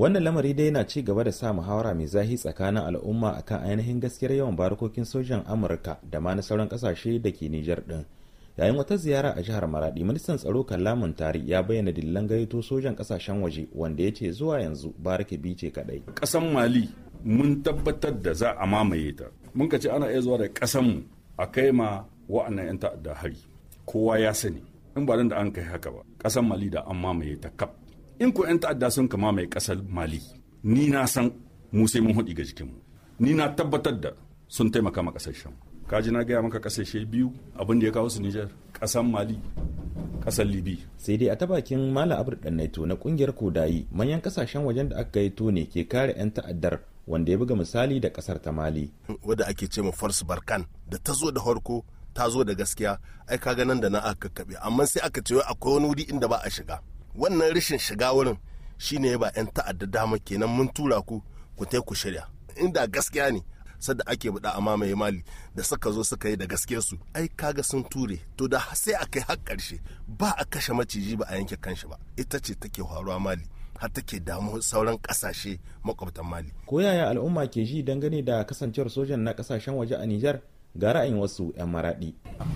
wannan lamari dai yana ci gaba da sa muhawara mai zahi tsakanin al'umma akan ainihin gaskiyar yawan barkokin sojan amurka da ma na sauran kasashe da ke nijar din yayin wata ziyara a jihar maradi ministan tsaro kallamun tari ya bayyana dillan gaito sojan kasashen waje wanda ya ce zuwa yanzu barake bice kadai kasan mali mun tabbatar da za a mamaye ta mun ka ce ana iya zuwa da kasan mu a kai ma wa'annan yan ta'adda hari kowa ya sani in ba da an kai haka ba kasan mali da an mamaye ta kap in ko 'yan ta'adda sun kama mai kasar mali ni na san mu sai mun hudi ga jikinmu ni na tabbatar da sun taimaka ma kasashen kaji na gaya maka kasashe biyu abin da ya kawo su Nijar kasar Mali kasar Libi sai dai a ta bakin Mala Abdul naito na kungiyar Kodayi manyan kasashen wajen da aka yi ne ke kare yan ta'addar wanda ya buga misali da kasar ta Mali wanda ake ce ma Force Barkan da ta zo da harko ta zo da gaskiya ai kaga nan da na aka kabe amma sai aka ce akwai wani wuri inda ba a shiga wannan rashin shiga wurin shine ne ba 'yan ta'adda dama kenan mun tura ku ku tai ku shirya inda gaskiya ne sadda ake buɗa a mamaye mali da suka zo suka yi da gaske su ai kaga sun ture to da sai a kai har ƙarshe ba a kashe maciji ba a yanke kanshi ba ita ce take faruwa mali har take damu sauran ƙasashe makwabtan mali ko yaya al'umma ke ji dangane da kasancewar sojan na kasashen waje a Nijar ga ra'ayin wasu 'yan maraɗi.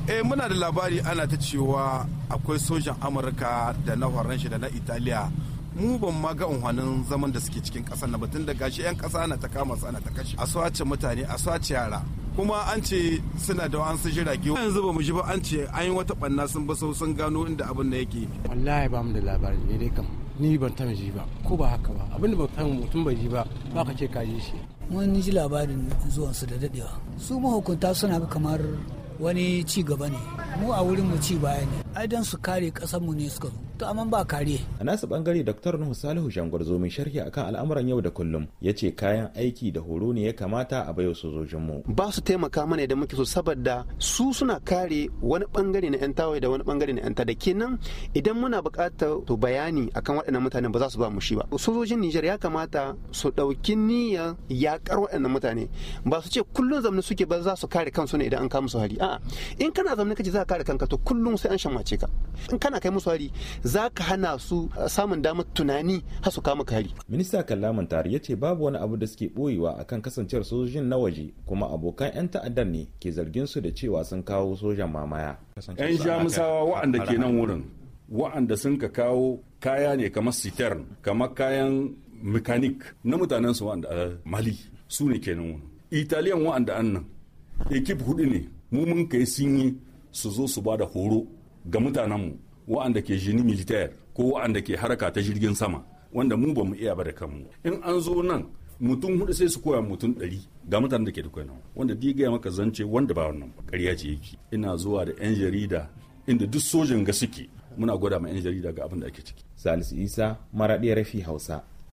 E muna da labari ana ta cewa akwai sojan amurka da na horon shi da na italiya mu ban ma ga unhwanin zaman da suke cikin ƙasar na batun da gashi 'yan ƙasa ana ta kama su ana ta kashe a swace mutane a swace yara kuma an ce suna da an su jirage yanzu ba mu ji ba an ce an yi wata banna sun ba sun gano inda abin da yake wallahi ba mu da labari ne dai kam ni ban ta ji ba ko ba haka ba abin da ba mutum bai ji ba ba ka ce ka ji shi mun ji labarin zuwansu da dadewa su mahukunta suna kamar wani ci gaba ne mu a wurin mu ci baya ne ai su kare mu ne suka zo to amma ba kare a nasu bangare dr nuhu salihu shangwarzo mai sharhi akan al'amuran yau da kullum ya ce kayan aiki da horo ne ya kamata a sojojin mu. ba su taimaka mana da muke so saboda su suna kare wani bangare na yan tawaye da wani bangare na yan tada kenan idan muna buƙatar to bayani akan waɗannan mutanen ba za su ba mu shi ba sojojin Nijar ya kamata su ɗauki niyyar yaƙar waɗannan mutane ba su ce kullum zamani suke ba za su kare kansu ne idan an kama su hari a'a in kana zamani kace za ka kare kanka to kullum sai an nufaci ka in kana kai musu hari za ka hana su uh, samun damar tunani har su kama kari minista kallaman tare ya ce babu wani abu da suke boyewa akan kasancewar sojojin na waje kuma abokan 'yan ta'addar ne ke zargin su da cewa sun kawo sojan mamaya 'yan jamusawa waɗanda ke nan wurin waɗanda sun ka kawo kaya ne kamar sitern kamar kayan mekanik na mutanen su waɗanda uh, mali su ne kenan wurin italiyan waɗanda annan ekip hudu ne mu mun kai sun yi su zo su ba da horo ga mutanenmu wa'anda ke jini militar ko wa'anda ke haraka ta jirgin sama wanda mu ba mu iya ba da kanmu in an zo nan mutum hudu sai su koya mutum ɗari ga mutanen da ke da nan wanda di gaya maka zance wanda ba wannan ƙarya ce yake ina zuwa da 'yan jarida inda duk sojin ga suke muna gwada ma 'yan jarida ga abin da ake ciki salisu isa maraɗi rafi hausa